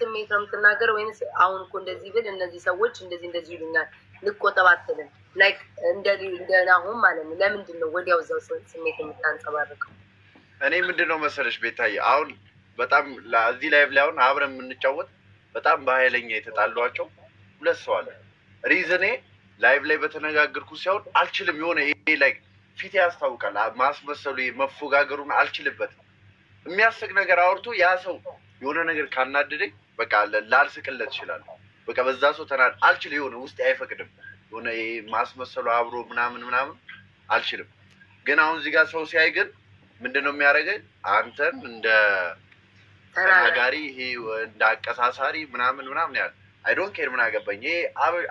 ስሜት ነው የምትናገር ወይንስ አሁን እኮ እንደዚህ ብል እነዚህ ሰዎች እንደዚህ እንደዚህ ይሉኛል ልቆጠብ አትልም? ላይክ እንደናሁን ማለት ነው። ለምንድን ነው ወዲያው እዛው ስሜት የምታንጸባርቀው? እኔ ምንድን ነው መሰለሽ ቤታዬ፣ አሁን በጣም እዚህ ላይ ላይ አሁን አብረን የምንጫወት በጣም በኃይለኛ የተጣሏቸው ሁለት ሰው አለ። ሪዝኔ ላይቭ ላይ በተነጋገርኩ ሲሆን አልችልም፣ የሆነ ይሄ ላይ ፊት ያስታውቃል፣ ማስመሰሉ መፎጋገሩን አልችልበት የሚያስቅ ነገር አውርቶ ያ ሰው የሆነ ነገር ካናደደኝ በቃ ላልስቅለት ይችላል። በቃ በዛ ሰው ተናድ አልችል የሆነ ውስጥ አይፈቅድም። የሆነ ማስመሰሉ አብሮ ምናምን ምናምን አልችልም። ግን አሁን እዚህ ጋር ሰው ሲያይ ግን ምንድን ነው የሚያደርገኝ? አንተን እንደ ተናጋሪ ይሄ እንደ አቀሳሳሪ ምናምን ምናምን ያለ አይዶን ኬር ምን አገባኝ። ይሄ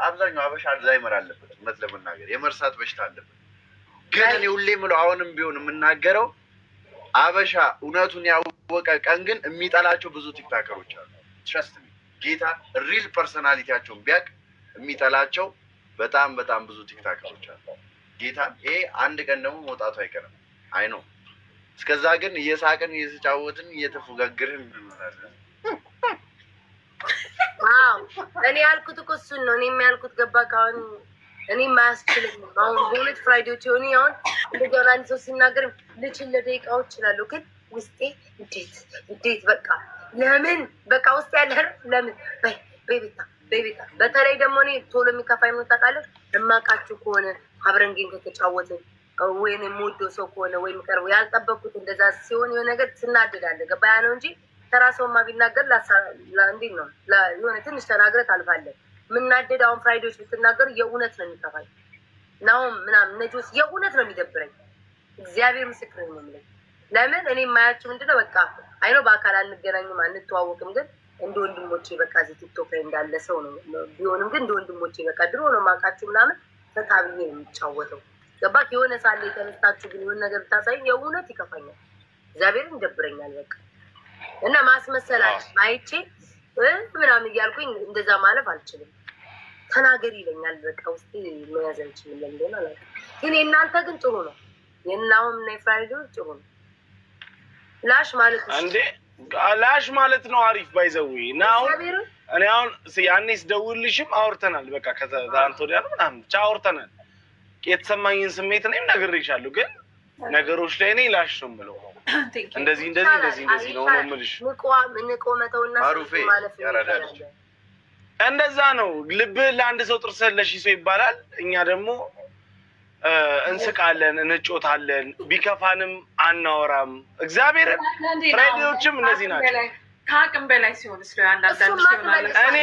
አብዛኛው አበሻ አልዛይመር አለበት፣ እውነት ለመናገር የመርሳት በሽታ አለበት። ግን እኔ ሁሌ ምለው አሁንም ቢሆን የምናገረው አበሻ እውነቱን ያወቀ ቀን ግን የሚጠላቸው ብዙ ቲክታከሮች አሉ። ትረስት ጌታ ሪል ፐርሰናሊቲያቸውን ቢያቅ የሚጠላቸው በጣም በጣም ብዙ ቲክታክሮች አሉ። ጌታ ይሄ አንድ ቀን ደግሞ መውጣቱ አይቀርም። አይ ነው። እስከዛ ግን እየሳቅን እየተጫወትን እየተፎጋግርን እንኖራለን። እኔ ያልኩት እኮ እሱን ነው። እኔ የሚያልኩት ገባ ካሁን እኔ ማያስችልም አሁን በሁለት ፍራይዴዎች የሆኑ አሁን እንደገና አንድ ሰው ሲናገር ልችል ለደቂቃዎች ይችላሉ፣ ግን ውስጤ እንዴት እንዴት በቃ ለምን በቃ ውስጥ ያለ ለምን ቤቤታ ቤቤታ። በተለይ ደግሞ እኔ ቶሎ የሚከፋኝ ምን ታውቃለህ? እማውቃችሁ ከሆነ አብረን ጌም ከተጫወትን ወይም የምወዶ ሰው ከሆነ ወይም ቀርቦ ያልጠበቅኩት እንደዛ ሲሆን የሆነ ነገር ትናደዳለህ። ገባያ ነው እንጂ ተራ ሰውማ ቢናገር እንዴት ነው የሆነ ትንሽ ተናግረ ታልፋለህ። ምናደድ አሁን ፍራይዶች ብትናገሩ የእውነት ነው የሚከፋኝ። ናሁም ምናምን ነጆስ የእውነት ነው የሚደብረኝ። እግዚአብሔር ምስክር ነው የምልህ ለምን እኔ የማያቸው ምንድነው በቃ አይኖ በአካል አንገናኝም አንተዋወቅም፣ ግን እንደ ወንድሞቼ በቃ እዚህ ቲክቶክ ላይ እንዳለ ሰው ነው ቢሆንም ግን እንደ ወንድሞቼ በቃ ድሮ ነው የማውቃችሁ ምናምን ፈታ ብዬ ነው የሚጫወተው። ገባት የሆነ ሳለ የተነሳችሁ ግን የሆነ ነገር ብታሳይ የእውነት ይከፋኛል፣ እግዚአብሔርን ይደብረኛል። በቃ እና ማስመሰላች አይቼ ምናምን እያልኩኝ እንደዛ ማለፍ አልችልም። ተናገር ይለኛል በቃ ውስጤ መያዝ አልችልም። ለምንደሆነ ግን የእናንተ ግን ጥሩ ነው፣ የናሁም እና የፍራሪዶች ጥሩ ነው። ላሽ ማለት ነው እንዴ? ላሽ ማለት ነው። አሪፍ ባይዘዊ እና አሁን እኔ አሁን ያኔ ስደውልሽም አውርተናል። በቃ ከዛንት ወዲያ ነው ምናምን ብቻ አውርተናል። የተሰማኝን ስሜት እኔም ነግሬሻለሁ። ግን ነገሮች ላይ እኔ ላሽ ነው የምለው። እንደዚህ እንደዚህ እንደዚህ እንደዚህ ነው ነው የምልሽ። አሩፌ እንደዛ ነው። ልብህ ለአንድ ሰው ጥርስህ ለሺህ ሰው ይባላል። እኛ ደግሞ እንስቃለን፣ እንጮታለን፣ ቢከፋንም አናወራም። እግዚአብሔርን ፍራይዴዎችም እነዚህ ናቸው። ከአቅም በላይ ሲሆን እኔ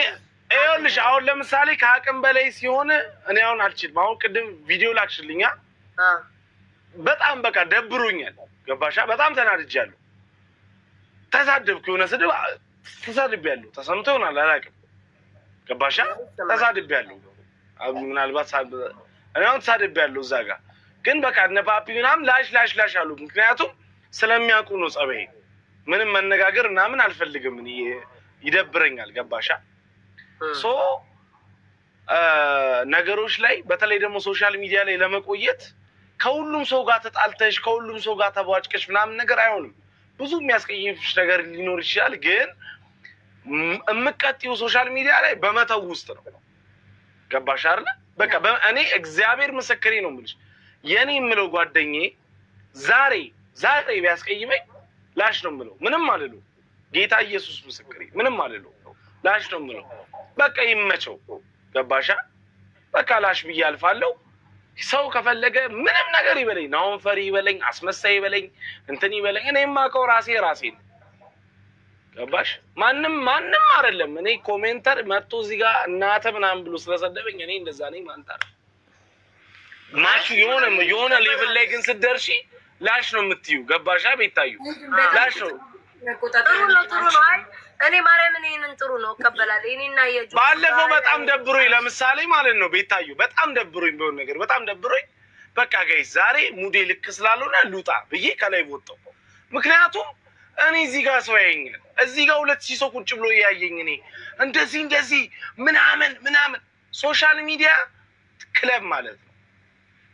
ይኸውልሽ፣ አሁን ለምሳሌ ከአቅም በላይ ሲሆን እኔ አሁን አልችልም። አሁን ቅድም ቪዲዮ ላክሽልኛ በጣም በቃ ደብሮኛል። ገባሻ? በጣም ተናድጃለሁ። ተሳደብኩ። የሆነ ስድብ ተሳድብ ያለሁ ተሰምቶ ይሆናል አላውቅም። ገባሻ? ተሳድብ ያለሁ ምናልባት እኔ አሁን ተሳድብ ያለው እዛ ጋር ግን በቃ እነ ፓፒ ምናምን ላሽ ላሽ ላሽ አሉ። ምክንያቱም ስለሚያውቁ ነው ጸበይ ምንም መነጋገር ምናምን አልፈልግም። ይደብረኛል። ገባሻ ሶ ነገሮች ላይ በተለይ ደግሞ ሶሻል ሚዲያ ላይ ለመቆየት ከሁሉም ሰው ጋር ተጣልተሽ ከሁሉም ሰው ጋር ተቧጭቀሽ ምናምን ነገር አይሆንም። ብዙ የሚያስቀይፍሽ ነገር ሊኖር ይችላል። ግን የምቀጥዩ ሶሻል ሚዲያ ላይ በመተው ውስጥ ነው። ገባሽ አይደል? በቃ እኔ እግዚአብሔር ምስክሬ ነው የምልሽ። የኔ የምለው ጓደኛዬ ዛሬ ዛሬ ቢያስቀይመኝ ላሽ ነው የምለው፣ ምንም አልለው። ጌታ ኢየሱስ ምስክሬ፣ ምንም አልለው፣ ላሽ ነው የምለው። በቃ ይመቸው፣ ገባሻ? በቃ ላሽ ብዬ አልፋለሁ። ሰው ከፈለገ ምንም ነገር ይበለኝ፣ ናውን ፈሪ ይበለኝ፣ አስመሳይ ይበለኝ፣ እንትን ይበለኝ። እኔ የማውቀው ራሴ ራሴ ነው ገባሽ? ማንም ማንም አይደለም። እኔ ኮሜንተር መጥቶ እዚህ ጋር እናተ ምናምን ብሎ ስለሰደበኝ እኔ እንደዛ ነኝ ማንታ ማቹ የሆነ የሆነ ሌቭል ላይ ግን ስትደርሺ ላሽ ነው የምትዩ። ገባሻ? ቤታዩ ላሽ ነው። ጥሩ ነው፣ ጥሩ ነው። አይ እኔ ማርያምን ይሄንን ጥሩ ነው እቀበላለሁ። እኔና የጁ ባለፈው በጣም ደብሮኝ ለምሳሌ ማለት ነው ቤታዩ በጣም ደብሮኝ ቢሆን ነገር በጣም ደብሮኝ በቃ ጋይ ዛሬ ሙዴ ልክ ስላልሆነ ሉጣ ብዬ ከላይ ወጣው ምክንያቱም እኔ እዚህ ጋር ሰው ያየኛል። እዚህ ጋር ሁለት ሺህ ሰው ቁጭ ብሎ ያየኝ እኔ እንደዚህ እንደዚህ ምናምን ምናምን። ሶሻል ሚዲያ ክለብ ማለት ነው።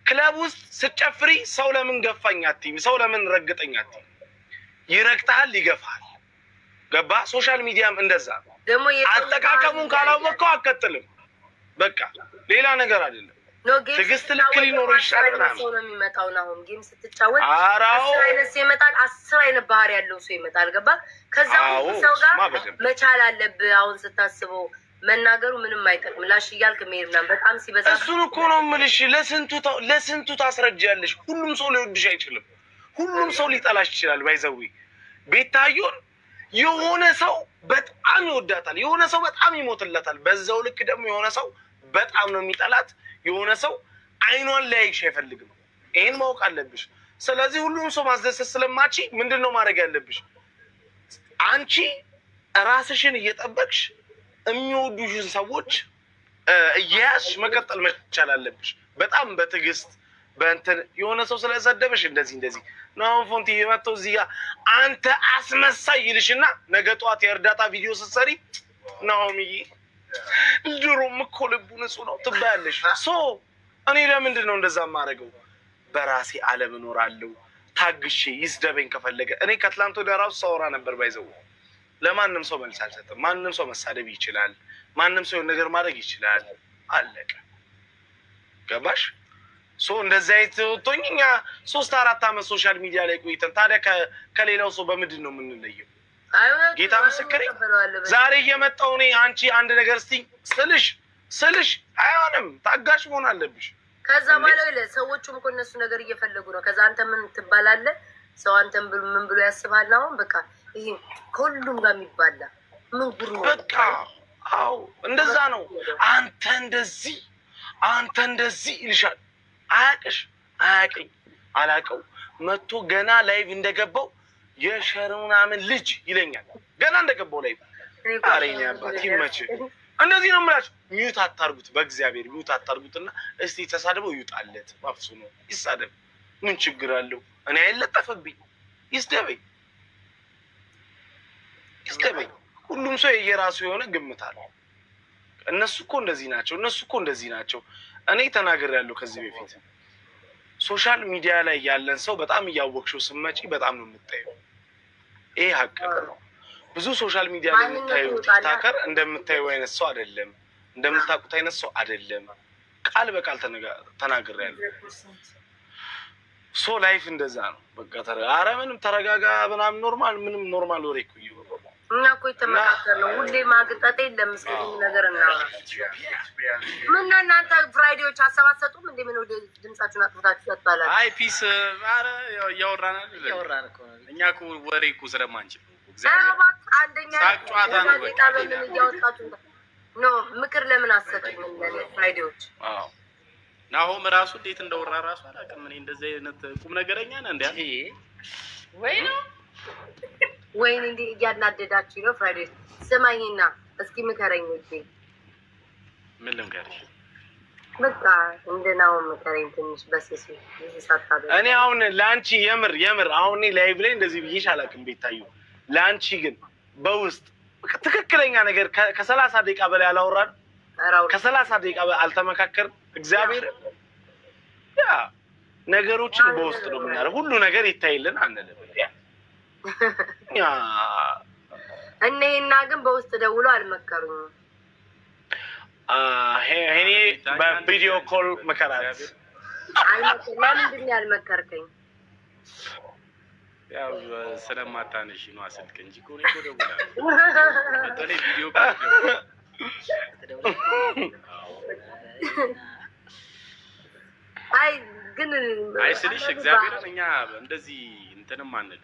ክለብ ውስጥ ስጨፍሪ ሰው ለምን ገፋኝ አትይም፣ ሰው ለምን ረግጠኝ አትይም። ይረግጠሃል፣ ይገፋል። ገባ። ሶሻል ሚዲያም እንደዛ ነው። አጠቃቀሙን ካላወቀው አትቀጥልም። በቃ ሌላ ነገር አይደለም። ትዕግስት ልክ ሊኖረው ይሻላል። ሰው ነው የሚመጣው። አሁን ስትጫወት ሰው ይመጣል። አስር አይነት ባህሪ ያለው ሰው ይመጣል። ገባ? ከዛ ሰው ጋር መቻል አለብህ። አሁን ስታስበው መናገሩ ምንም አይጠቅም። ላሽ እያልክ መሄድ ምናምን በጣም ሲበዛ እሱን እኮ ነው የምልሽ። ለስንቱ ታስረጃለሽ? ሁሉም ሰው ሊወድሽ አይችልም። ሁሉም ሰው ሊጠላሽ ይችላል። ባይዘዊ ቤታዮን የሆነ ሰው በጣም ይወዳታል፣ የሆነ ሰው በጣም ይሞትለታል። በዛው ልክ ደግሞ የሆነ ሰው በጣም ነው የሚጠላት የሆነ ሰው አይኗን ሊያይሽ አይፈልግም። ይህን ማወቅ አለብሽ። ስለዚህ ሁሉም ሰው ማስደሰት ስለማቺ ምንድን ነው ማድረግ ያለብሽ? አንቺ ራስሽን እየጠበቅሽ የሚወዱሽን ሰዎች እየያዝሽ መቀጠል መቻል አለብሽ። በጣም በትዕግስት በእንትን የሆነ ሰው ስለሰደበሽ እንደዚህ እንደዚህ ናሁን ፎንቲ የመጣው እዚህ ጋ አንተ አስመሳይ ይልሽና ነገ ጠዋት የእርዳታ ቪዲዮ ስትሰሪ ናሆምዬ ድሮም እኮ ልቡ ንጹህ ነው ትባያለሽ። ሶ እኔ ለምንድን ነው እንደዛ ማድረገው? በራሴ አለም እኖራለሁ። ታግሼ ይስደበኝ ከፈለገ። እኔ ከትላንት ወደ ራሱ ሳወራ ነበር ባይዘው ለማንም ሰው መልስ አልሰጥም። ማንም ሰው መሳደብ ይችላል። ማንም ሰው ነገር ማድረግ ይችላል። አለቀ። ገባሽ? ሶ እንደዚህ አይነት ወቶኝ እኛ ሶስት አራት አመት ሶሻል ሚዲያ ላይ ቆይተን ታዲያ ከሌላው ሰው በምንድን ነው የምንለየው? ጌታ ምስክሬ ዛሬ እየመጣሁ እኔ አንቺ አንድ ነገር እስቲ ስልሽ ስልሽ አይሆንም። ታጋሽ መሆን አለብሽ። ከዛ ማለ ለ ሰዎቹም እኮ እነሱ ነገር እየፈለጉ ነው። ከዛ አንተ ምን ትባላለህ? ሰው አንተ ምን ብሎ ያስባል? አሁን በቃ ይሄ ከሁሉም ጋር የሚባላ ምን ጉሩ በቃ አዎ፣ እንደዛ ነው። አንተ እንደዚህ አንተ እንደዚህ ይልሻል። አያቅሽ አያቅኝ አላቀው መጥቶ ገና ላይቭ እንደገባው የሸር ምናምን ልጅ ይለኛል ገና እንደገባው ላይ አረኛ አባት ይመች። እንደዚህ ነው ምላቸው ሚዩት አታርጉት፣ በእግዚአብሔር ሚዩት አታርጉትና እስቲ ተሳድበው ይውጣለት። ማፍሱ ነው ይሳደብ፣ ምን ችግር አለው? እኔ አይለጠፍብኝ፣ ይስደበኝ፣ ይስደበኝ። ሁሉም ሰው የየራሱ የሆነ ግምት አለ። እነሱ እኮ እንደዚህ ናቸው፣ እነሱ እኮ እንደዚህ ናቸው። እኔ ያለው ከዚህ በፊት ሶሻል ሚዲያ ላይ ያለን ሰው በጣም እያወቅሽው ስመጪ በጣም ነው የምታየው። ይሄ ሀቅ ነው። ብዙ ሶሻል ሚዲያ ላይ የምታየው ቲክታከር እንደምታየው አይነት ሰው አይደለም፣ እንደምታውቁት አይነት ሰው አይደለም። ቃል በቃል ተናግሬያለሁ። ሶ ላይፍ እንደዛ ነው። በቃ ኧረ ምንም ተረጋጋ ምናምን ኖርማል ምንም ኖርማል ወሬ እኮ እኛ እኮ የተመካከር ነው። ሁሌ ማግጠጥ የለም። ስለ ነገር እናውራ። ምን እናንተ ፍራይዴዎች ሀሳብ አትሰጡም እንዴ? ምን ወደ ድምጻችሁን አጥፍታችሁ ያባላል። አይ ፒስ አረ እያወራን እኮ እኛ ወሬ እኮ ስለማንችል አንደኛ ነው። ጣበምን እያወጣችሁ ኖ ምክር ለምን አትሰጡም? ፍራይዴዎች አዎ ናሆም ራሱ እንዴት እንደወራ ራሱ አላውቅም እኔ እንደዚህ አይነት ቁም ነገረኛ ነህ እንዲ ወይ ነው ወይን እንዲህ እያናደዳችሁ ነው። ፍራይዴ ስማኝና እስኪ ምከረኝ ውዴ። ምን ልምከርሽ? በቃ እንደናው ምከረኝ ትንሽ በስሱ ሳታደ እኔ አሁን ለአንቺ የምር የምር አሁን ላይቭ ላይ እንደዚህ ብዬሽ አላውቅም ቤታዩ። ለአንቺ ግን በውስጥ ትክክለኛ ነገር ከሰላሳ ደቂቃ በላይ አላወራን፣ ከሰላሳ ደቂቃ በላይ አልተመካከር። እግዚአብሔር ያ ነገሮችን በውስጥ ነው ምናለ ሁሉ ነገር ይታይልን አንልም እኔና ግን በውስጥ ደውሎ አልመከሩም። እኔ በቪዲዮ ኮል መከራት። ለምንድን ነው ያልመከርከኝ? ያው ስለማታነሺ ነው ስልክ እንጂ እኮ እኔ ቪዲዮ አይ ግን አይ ስልሽ እግዚአብሔርን እኛ እንደዚህ እንትንም አንልም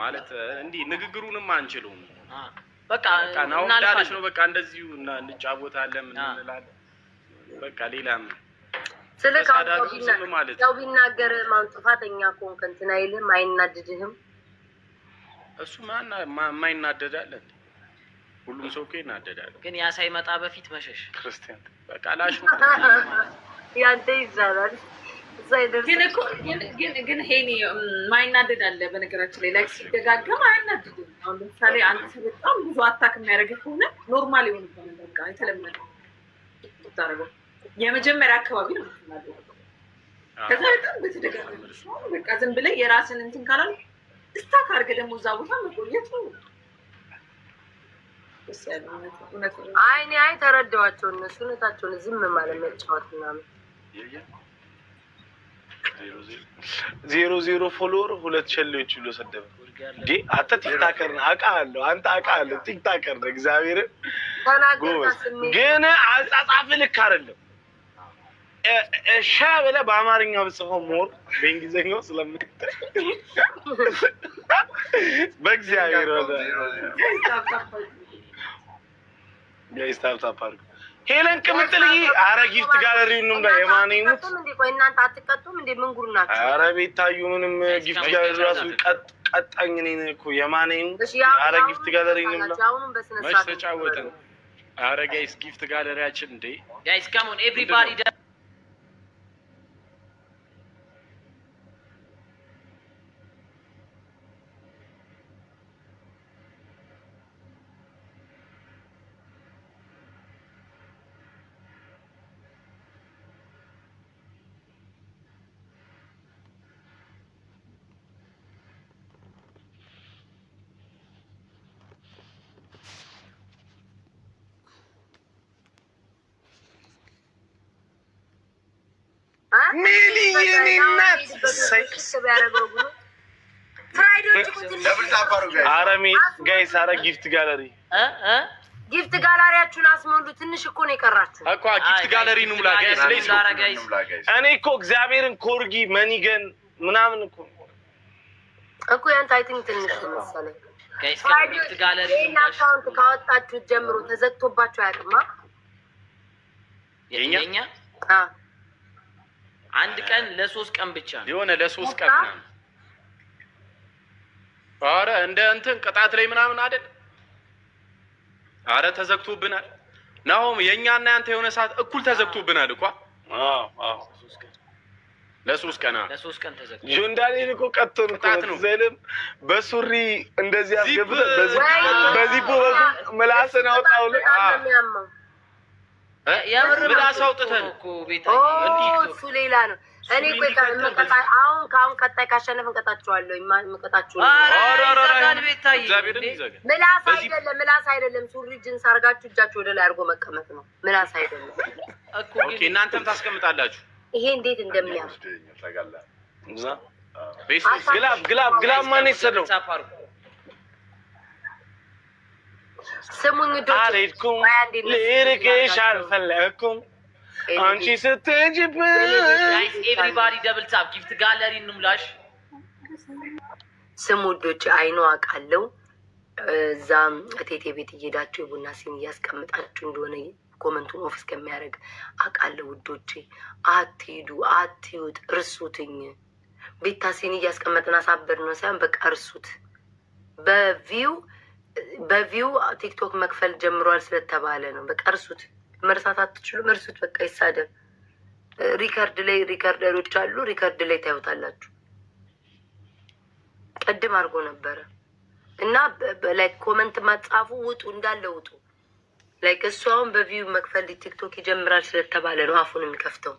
ማለት እንዲህ ንግግሩንም አንችለውም። በቃ ነው እንዳለች ነው። በቃ እንደዚሁ እና እንጫወታለን፣ ምን እንላለን። በቃ ሌላ ሌላም ስልክ ያው ቢናገር ማን ጥፋተኛ ከሆንክ እንትን አይልህም፣ አይናድድህም። እሱ ማና የማይናደዳለ ሁሉም ሰው እኮ ይናደዳል። ግን ያ ሳይመጣ በፊት መሸሽ ክርስቲያን በቃ ላሽ ያንተ ይዛላል። ግን ሄኒ ማይናደድ አለ። በነገራችን ላይ ላይክ ሲደጋገም አያናድድም። አሁን ለምሳሌ አንድ ሰው በጣም ብዙ አታክ የሚያደርግ ከሆነ ኖርማል የሆነ በቃ የተለመደ ታደረገው የመጀመሪያ አካባቢ ነው ምትናደ ከዛ በጣም በተደጋጋሚ በቃ ዝም ብለህ የራስን እንትን ካላል እስታክ አድርገህ ደግሞ እዛ ቦታ መቆየት ነው። አይ እኔ አይ ተረዳኋቸው እነሱ እውነታቸውን ዝም ማለት መጫወት ምናምን ዜሮ ዜሮ ፎሎወር ሁለት ሸሌዎች ብሎ ሰደበ። እንዴ አንተ ቲክታከር ነህ አውቃለሁ። አንተ አውቃለሁ ቲክታከር ነህ። እግዚአብሔርን ግን አጻጻፍ ልክ አይደለም። እሻ ብለህ በአማርኛ ብጽፈው ሞር በእንግሊዝኛው ስለምት በእግዚአብሔር ወደ ጋይስ ታፕ አድርገው ሄለን ቅምጥልዬ አረ ጊፍት ጋለሪ ነው ላይ የማኔ ሙት እናንተ አትቀጡም እንዴ? ምን ጉር ናቸው? አረ ቤታዩ ምንም ጊፍት ጋለሪ ራሱ ቀጥ ቀጣኝ ነኝ እኮ የማኔ ሙት አረ ጊፍት ጋለሪ ነው ላይ ተጫወትን። አረ ጋይስ ጊፍት ጋለሪያችን እንዴ ጋይስ ካም ኦን ኤቭሪባዲ ዳ አረሜ ጋይስ፣ አረ ጊፍት ጋለሪ ጊፍት ጋላሪያችሁን አስሞሉ። ትንሽ እኮ ነው የቀራችሁ እኮ ጊፍት ጋለሪ ኑሙላ ጋይስ። እኔ እኮ እግዚአብሔርን ኮርጊ መኒገን ምናምን እኮ እኮ ያንተ አይ ቲንክ ትንሽ መሰለኝ ጋይስ። ጊፍት ጋለሪ አካውንት ካወጣችሁት ጀምሮ ተዘግቶባችሁ አያውቅማ የኛ አንድ ቀን ለሶስት ቀን ብቻ ነው የሆነ ለሶስት ቀን ነው። አረ እንደ እንትን ቅጣት ላይ ምናምን አይደል? አረ ተዘግቶብናል። ናሆም የእኛና ያንተ የሆነ ሰዓት እኩል ተዘግቶብናል እኮ ለሶስት ቀን ለሶስት ቀን ተዘግቶ ጆንዳኔን እኮ ቀጥቶን ነው። ዘልም በሱሪ እንደዚህ አስገብተን በዚህ በዚህ ምላስን አውጣው ምላስ አውጥተህ እሱ ሌላ ነው። እኔ አሁን ከአሁን ቀጣይ ካሸነፍን ቀጣችኋለሁ። ምላስ አይደለም፣ ምላስ አይደለም። ሱሪ ጅንስ አድርጋችሁ እጃችሁ ወደ ላይ አድርጎ መቀመጥ ነው። ምላስ አይደለም። እናንተም ታስቀምጣላችሁ። ይሄ እንዴት እንደሚያ ግላብ ግላብ ግላብ ማን የተሰራው ስሙኝ አልሄድኩም፣ ልርቅሽ አልፈለኩም አንቺ ጋለሪ እንሙላሽ። ውዶች፣ አውቃለሁ። እዛም እቴቴ ቤት እየሄዳችሁ የቡና ሲን እያስቀምጣችሁ እንደሆነ ኮመንቱን ኦፍ እስከሚያደርግ አውቃለሁ። ውዶቼ አትሂዱ፣ አትዩት፣ እርሱትኝ። ቤታ እያስቀመጥን አሳበድ ነው ሳይሆን በቃ እርሱት በቪው በቪው ቲክቶክ መክፈል ጀምሯል ስለተባለ ነው። በቃ እርሱት፣ መርሳት አትችሉም። እርሱት፣ በቃ ይሳደብ። ሪከርድ ላይ ሪከርደሮች አሉ፣ ሪከርድ ላይ ታዩታላችሁ። ቅድም አድርጎ ነበረ እና ላይክ ኮመንት ማጻፉ ውጡ፣ እንዳለ ውጡ። ላይክ እሱ አሁን በቪው መክፈል ቲክቶክ ይጀምራል ስለተባለ ነው አፉን የሚከፍተው።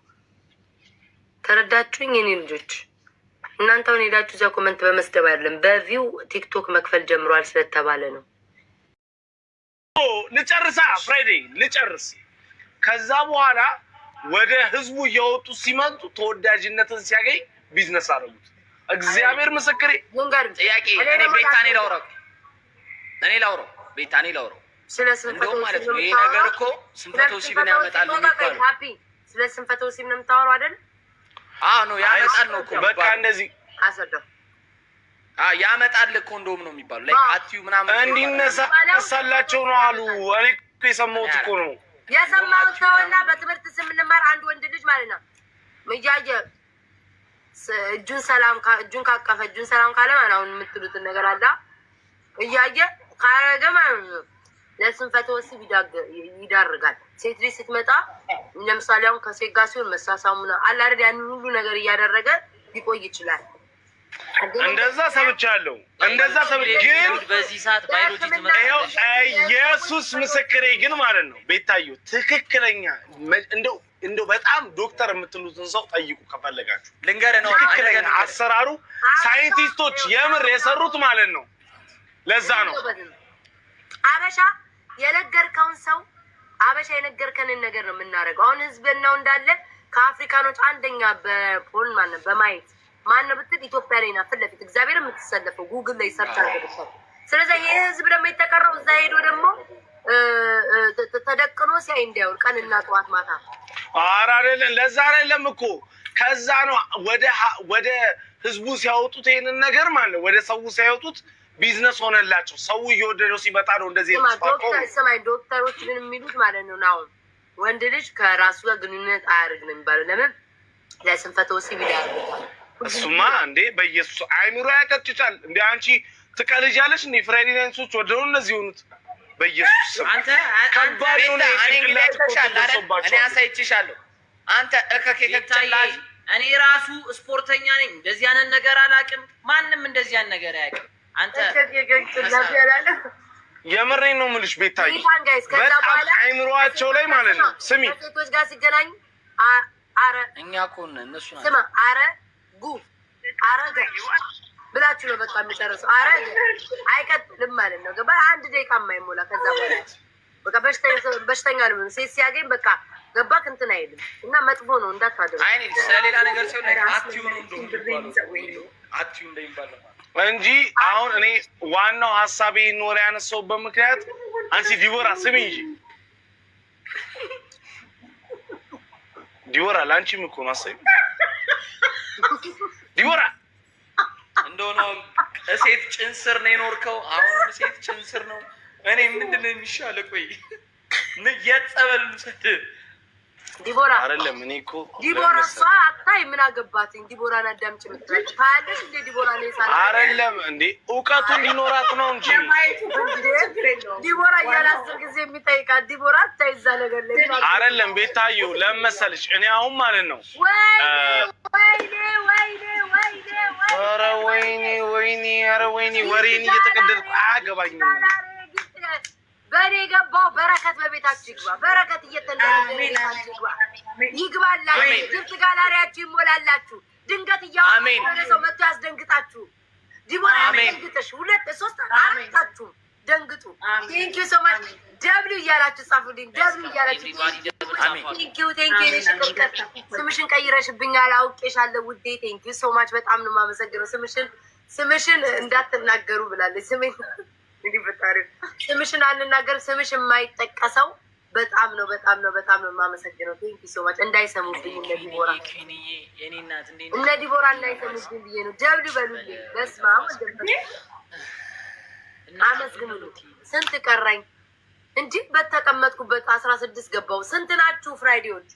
ተረዳችሁኝ የኔ ልጆች? እናንተ አሁን ሄዳችሁ እዛ ኮመንት በመስደብ አይደለም፣ በቪው ቲክቶክ መክፈል ጀምሯል ስለተባለ ነው። ልጨርሳ ፍራይዴ ልጨርስ። ከዛ በኋላ ወደ ህዝቡ እየወጡ ሲመጡ ተወዳጅነትን ሲያገኝ ቢዝነስ አደረጉት። እግዚአብሔር ምስክሬ። ንጋር ጥያቄ እኔ ቤታኔ ላውረው እኔ ላውረው ቤታኔ ላውረው ስለ ማለት ነው። ይሄ ነገር እኮ ስንፈተ ወሲብን ያመጣል የሚባለው ስለ ስንፈተ ወሲብ ነው የምታወራው አይደል? በቃ እንደዚህ ያመጣል እኮ እንደውም ነው የሚባለው። ላይ አትዩ ምናምን እንዲነሳ ነው አሉ። እኔ የሰማሁት እኮ ነው የሰማሁት ነው። እና በትምህርት ስምንማር አንድ ወንድ ልጅ ማለት ነው ምያየ እጁን ሰላም እጁን ካቀፈ እጁን ሰላም ካለ ማለት አሁን የምትሉትን ነገር አላ እያየ ካረገ ማለት ነው ለስንፈተ ወሲብ ይዳርጋል። ሴት ልጅ ስትመጣ ለምሳሌ አሁን ከሴት ጋር ሲሆን መሳሳሙ ነው አላረድ ያን ሁሉ ነገር እያደረገ ሊቆይ ይችላል። እንደዛ ሰምቻለሁ። እንደዛ ሰምቼ ግን በዚህ ሰዓት ባዮሎጂ ትምህርት ኢየሱስ ምስክሬ ግን ማለት ነው ቤታዩ ትክክለኛ እንደው እንደው በጣም ዶክተር የምትሉትን ሰው ጠይቁ ከፈለጋችሁ። ልንገርህ ነው ትክክለኛ አሰራሩ ሳይንቲስቶች የምር የሰሩት ማለት ነው። ለዛ ነው አበሻ የነገርከውን ሰው አበሻ የነገርከንን ነገር ነው የምናደርገው። አሁን ህዝብናው እንዳለ ከአፍሪካኖች አንደኛ በፖል ማነ በማየት ማነው ብትል ኢትዮጵያ ላይ ናት ፊት ለፊት እግዚአብሔር የምትሰለፈው ጉግል ላይ ሰርች አድርገው። ስለዚህ ይህ ህዝብ ደግሞ የተቀረው እዛ ሄዶ ደግሞ ተደቅኖ ሲያይ እንዳይሆን ቀንና ጠዋት ማታ ኧረ አይደለም፣ ለዛ አይደለም እኮ ከዛ ነው ወደ ወደ ህዝቡ ሲያወጡት ይህንን ነገር ማለት ወደ ሰው ሲያወጡት ቢዝነስ ሆነላቸው። ሰው እየወደደው ሲመጣ ነው እንደዚህ ሰማይ ዶክተሮች ግን የሚሉት ማለት ነው። አሁን ወንድ ልጅ ከራሱ ጋር ግንኙነት አያደርግ ነው የሚባለው። ለምን ለስንፈተ ወሲብ ይዳርጉታል። እሱማ እንዴ በኢየሱስ አይምሮ ያቀጭጫል። እንደ አንቺ ትቀልጃለሽ። እንደ ፍራይዴ ናይንሶች ወደው እነዚህ የሆኑት በኢየሱስ ከባድ አሳይችሻለሁ። አንተ እከኬ እኔ ራሱ ስፖርተኛ ነኝ። እንደዚህ አይነት ነገር አላውቅም። ማንም እንደዚህ ያን ነገር አያውቅም። አንተ የምሬን ነው የምልሽ ቤታዬ፣ በጣም አይምሯቸው ላይ ማለት ነው። ስሚ ሴቶች ጋር ሲገናኝ አረ እኛ እኮ እነሱ ስማ፣ አረ ጉ አረገ ብላችሁ ነው በቃ የሚጨርሰው። አረ አይቀጥልም ማለት ነው። ገባ አንድ ደቂቃ የማይሞላ ከዛ በኋላ በቃ በሽተኛ ነው ሴት ሲያገኝ በቃ ገባክ እንትን አይልም እና መጥፎ ነው እንዳታደርጉ። ስለሌላ ነገር ሲሆን እንጂ አሁን እኔ ዋናው ሀሳቤ ኖር ያነሳውበት ምክንያት አንቺ ዲቦራ ስሚ እንጂ ዲቦራ ለአንቺም እኮ ነው አሳይ ዲቦራ እንደሆነ እሴት ጭንስር ነው የኖርከው። አሁን እሴት ጭንስር ነው። እኔ ምንድን ነው የሚሻለው? ቆይ የጸበል ምሰድ ዲቦራ አይደለም። እኔ እኮ ዲቦራ እሷ አታይ ምን ዲቦራን አዳምጪ የምትለኝ ታያለሽ እንዴ? ዲቦራ ነው ይሳለ አይደለም እንዴ? እውቀቱ እንዲኖራት ነው እንጂ ዲቦራ እያለ አስር ጊዜ የሚጠይቃት ዲቦራ አታይ እዛ ነገር አይደለም። ቤታዩ ለምን እኔ አሁን ማለት ነው ወይኔ ወይኔ ወይኔ ወይኔ ወይኔ ወሬን እየተቀደድኩ አያገባኝም በእኔ ገባው በረከት በቤታችሁ ይግባ። በረከት እየተንደረደረ ይግባላችሁ። ድምፅ ጋላሪያችሁ ይሞላላችሁ። ድንገት እያወረ ሰው መጥቶ ያስደንግጣችሁ። ዲቦራ ደንግጠሽ ሁለት ሶስት አራታችሁ ደንግጡ። ቴንኪ ሶማች ደብሉ እያላችሁ ጻፉልኝ። ደብሉ እያላችሁ ቴንኪ ቴንኪ። ስምሽን ቀይረሽብኛል አውቄሻለሁ ውዴ። ቴንኪ ሶማች በጣም ነው የማመሰግነው። ስምሽን ስምሽን እንዳትናገሩ ብላለች ስሜ ስምሽን አንናገር። ስምሽ የማይጠቀሰው በጣም ነው በጣም ነው በጣም ነው የማመሰግነው። ቴንኪ ማች እንዳይሰሙብኝ እነ ዲቦራ እነ ዲቦራ እንዳይሰሙብኝ ብዬ ነው። ደብድ በሉልኝ። በስመ አብ አመስግኑልኝ። ስንት ቀራኝ እንጂ በተቀመጥኩበት አስራ ስድስት ገባው። ስንት ናችሁ ፍራይዴዎች?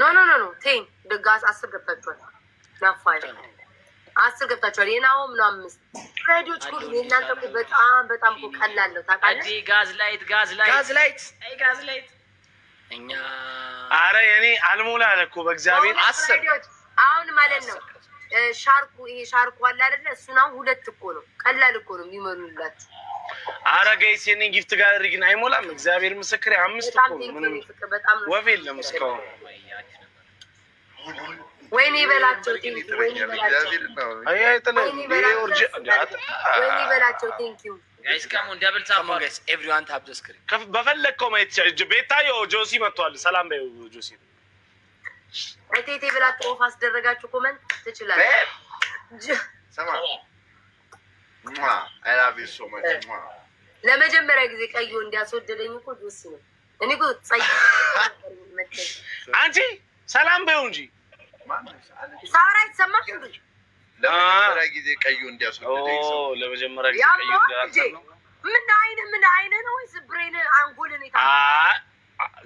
ኖ ኖ ኖ ቴን ድጋ አስር ገብታችኋል ናፋ አስር ገብታችኋል። የናሆም ነው አምስት ሬዲዮች ሁሉ የእናንተ እኮ በጣም በጣም እኮ ቀላል ነው ታውቃለህ። ጋዝ ላይት ጋዝ ላይት ጋዝ ላይት ጋዝ ላይት እኛ አረ እኔ አልሞላ አለ እኮ በእግዚአብሔር አስር አሁን ማለት ነው። ሻርኩ ይሄ ሻርኩ አለ አይደለ? እሱን አሁን ሁለት እኮ ነው ቀላል እኮ ነው የሚመሩላችሁ። አረ ገይስ የኔ ጊፍት ጋለሪ ግን አይሞላም። እግዚአብሔር ምስክር አምስት እኮ ምንም ወፍ የለም እስካሁን ወይኔ በላቸው በፈለግከው ማየት ይቻላል። ጆሲ ሰላም በይው ጆሲ። እቴቴ ብላችሁ ኦፍ አስደረጋችሁ ኮመንት ትችላለህ። ለመጀመሪያ ጊዜ እኮ ጆሲ ነው። እኔ አንቺ ሰላም በይው እንጂ ሳራ ይሰማ ለመጀመሪያ ጊዜ ቀዩ እንዲያስወደደኝ ለመጀመሪያ ጊዜ ቀዩ ምን አይነ ምን አይነ ነው ወይስ ብሬን አንጎልን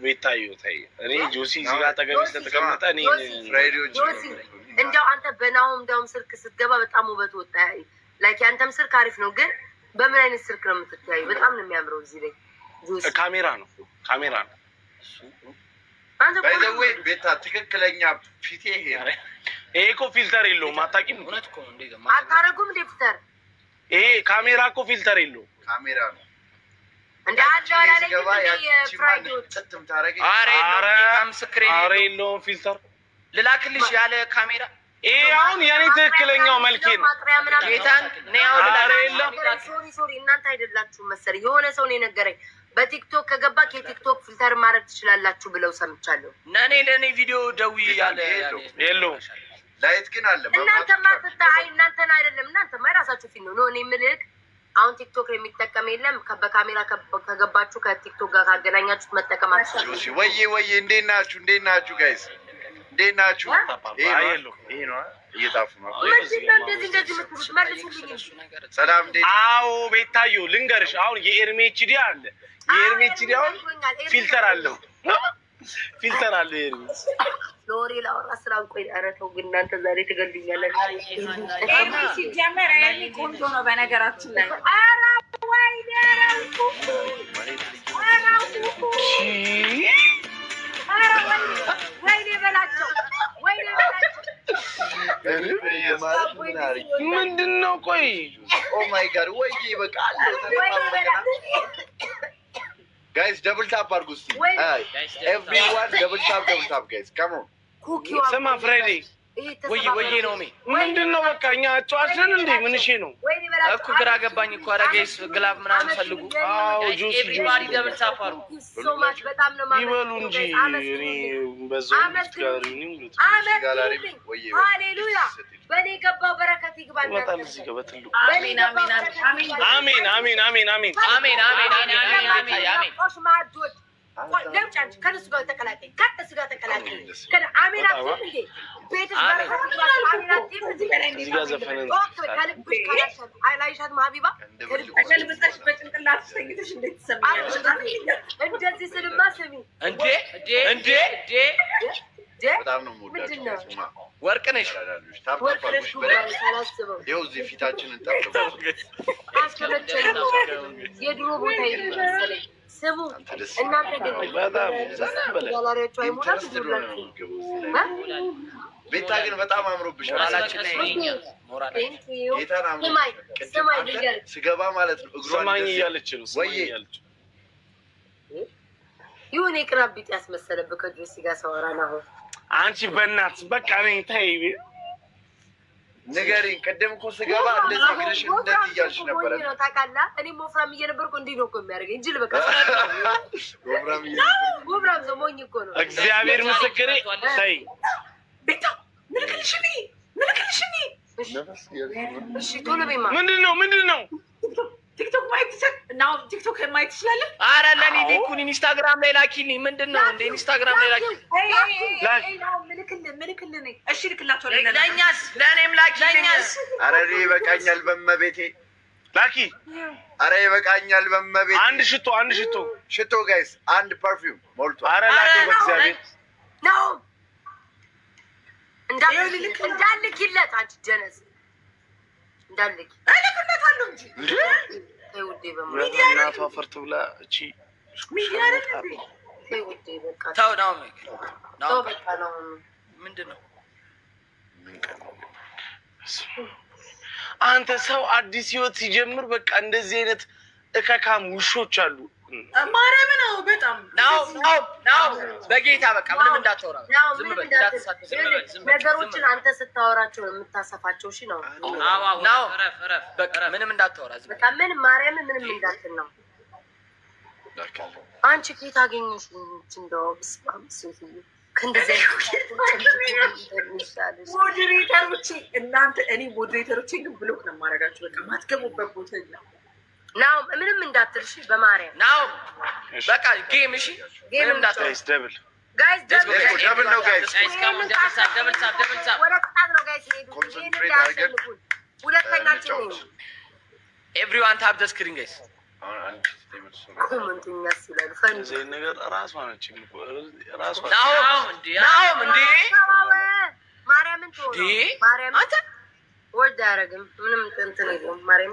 ቤታዩ ታይ እኔ ጆሲ እዚህ ጋር አጠገብ ስለተቀመጠ እኔ አንተ በናውም እንደውም ስልክ ስትገባ በጣም ውበት ወጣ። ላይክ ያንተም ስልክ አሪፍ ነው፣ ግን በምን አይነት ስልክ ነው የምትታዩ? በጣም ነው የሚያምረው። እዚህ ላይ ካሜራ ነው ካሜራ ነው ባይዘዌ ቤታ ትክክለኛ ፊቴ ይሄ ይሄ እኮ ፊልተር የለውም። አታውቂም? አታረጉም? ፊልተር ይሄ ካሜራ እኮ ፊልተር የለውም። ካሜራ ነው የለውም ፊልተር ልላክልሽ ያለ ካሜራ ይሄ አሁን የኔ ትክክለኛው መልኬ ነው። ጌታን እናንተ አይደላችሁም መሰለኝ የሆነ ሰው ነው የነገረኝ በቲክቶክ ከገባክ የቲክቶክ ፊልተር ማድረግ ትችላላችሁ ብለው ሰምቻለሁ። እና እኔ ለእኔ ቪዲዮ ደዊ ያለ የለውም ላይት ግን አለ። እናንተ እናንተማ አይ እናንተን አይደለም እናንተማ የራሳችሁ ፊልም ነው። እኔ ምልክ አሁን ቲክቶክ የሚጠቀም የለም። በካሜራ ከገባችሁ ከቲክቶክ ጋር ካገናኛችሁት መጠቀማችሁ። ወይዬ ወይ እንዴት ናችሁ? እንዴት ናችሁ ጋይስ እንዴት ናችሁ? እየጣፉ ነው። ሰላም አዎ። ልንገርሽ፣ አሁን የኤርሜችዲ አለ የኤርሜችዲ አሁን ፊልተር አለው ፊልተር አለው ሎሪ ላውራ ቆይ፣ ኧረ ተው ግን እናንተ ዛሬ ትገሉኛላችሁ። ሲጀመር ቆንጆ ነው በነገራችን ላይ ወይ ምንድን ነው? ቆይ ጋይስ ደብል ታፕ አድርጉ እስኪ። ኤቭሪዋን ደብል ታፕ ደብል ታፕ ጋይስ ካም ኦን። ስማ ፍሬዴ ወይ ወይ ነው ምንድን ነው? በቃ እኛ አጫዋችን እንዴ ምንሽ ነው እኮ ግራ ገባኝ እኮ። ኧረ ጋይስ ግላብ ምናምን ፈልጉ። አዎ ጁስ ኤቭሪባዲ ደብል ታፕ ይበሉ እንጂ እኔ በዛው ሃሌሉያ። በእኔ ገባው በረከት ይግባ። አሜን አሜን አሜን አሜን አሜን አሜን አሜን አሜን አሜን ለውጭ አንቺ ከነሱ ጋር ወርቅ ነሽ ይኸው እዚህ ፊታችንን የድሮ ቦታ ስሙ እናንተ ቤታ ግን በጣም አምሮብሽ ስገባ ማለት ነው። ስማኝ እያለች ነው ይሁን የቅራቢት ያስመሰለብህ ከጆሲ ጋር ሰወራን አሁን አንቺ በእናትሽ በቃ ነኝ ታይ ንገሪኝ። ቅድም እኮ ስገባ እንደዚህ እግርሽን እንደዚህ እያልሽ ነበረ። ታውቃለህ፣ እኔ ወፍራም እየነበርኩ እንዲህ ነው እኮ የሚያደርገኝ። ጅል በቃ ወፍራም ሰው ሞኝ እኮ ነው። እግዚአብሔር ምስክሬ። ተይ ቤታ፣ ምልክልሽ ምልክልሽ። ምንድን ነው ምንድን ነው ቲክቶክ ማየት ትችል እና ቲክቶክ ማየት ትችላለህ። አረ ለኔ ሊንኩን ኢንስታግራም ላይ ላኪልኝ። ምንድን ነው እንደ ኢንስታግራም ላይ ላኪልኝ። እሺ ልክላቸው። ለእኛስ ለእኔም ላኪልኝ። አረ እኔ ይበቃኛል፣ በመቤቴ ላኪ። አረ ይበቃኛል፣ በመቤት አንድ ሽቶ አንድ ሽቶ ሽቶ ጋይስ አንድ ፐርፊውም ሞልቶ አረ ላኪ በእግዚአብሔር ነው እንዳልክ ይለጣች ጀነስ እንዳልክ አውቃለሁ እንጂ እናቷ ፈርት ብላ እቺ ሚዲያ ተው ነው ምንድን ነው? አንተ ሰው አዲስ ህይወት ሲጀምር በቃ እንደዚህ አይነት እከካም ውሾች አሉ። ማርያምን ነው በጣም ናው ናው ናው በጌታ በቃ ምንም እንዳታወራ፣ ዝም በል እንዳትሳደብ። ነገሮችን አንተ ስታወራቸው የምታሰፋቸው እሺ ነው ናው በቃ ምንም እንዳታወራ፣ ዝም በቃ ምን ማርያምን ምንም እንዳትል ነው። አንቺ ጌታ አገኘሽ እንጂ እንደው ስማም ሴትዮ ሞዴሬተሮቼ እናንተ እኔ ሞዴሬተሮቼ ግን ብሎክ ነው የማደርጋቸው በቃ ማትገቡበት ቦታ ይላል ናው ምንም እንዳትል እሺ። በማርያም ናው በቃ ጌም እሺ፣ ጌም እንዳትል ኤቭሪዋን ታፕ ዘ ስክሪን ጋይስ። ማርያምን ወርድ አያደርግም ምንም እንትን የለውም ማርያም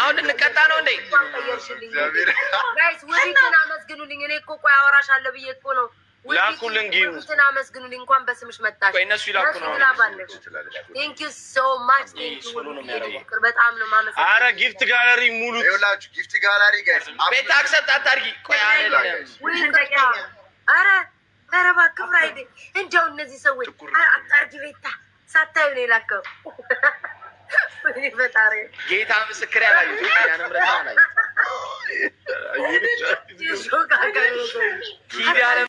አሁን ልንቀጣ ነው እንዴ? ውቢትን አመስግኑልኝ። እኔ እኮ ቆይ አወራሻለሁ ብዬ እኮ ነው። ላኩልን ጊትን አመስግኑልኝ። እንኳን በስምሽ መጣሽ። እነሱ ይላኩ ነው። ቴንክ ዩ ሶ ማች በጣም ነው የማመሰግነው። ኧረ ጊፍት ጋለሪ ሙሉ ጊፍት ጋለሪ ቤት አክሰብት አታድርጊ። ቆይ ኧረ እባክህ ፍራይዴ፣ እንደው እነዚህ ሰዎች አጣርጊ ቤታ ሳታዩ ነው የላከው ጌታ ምስክር ያላዩት ኪዳነ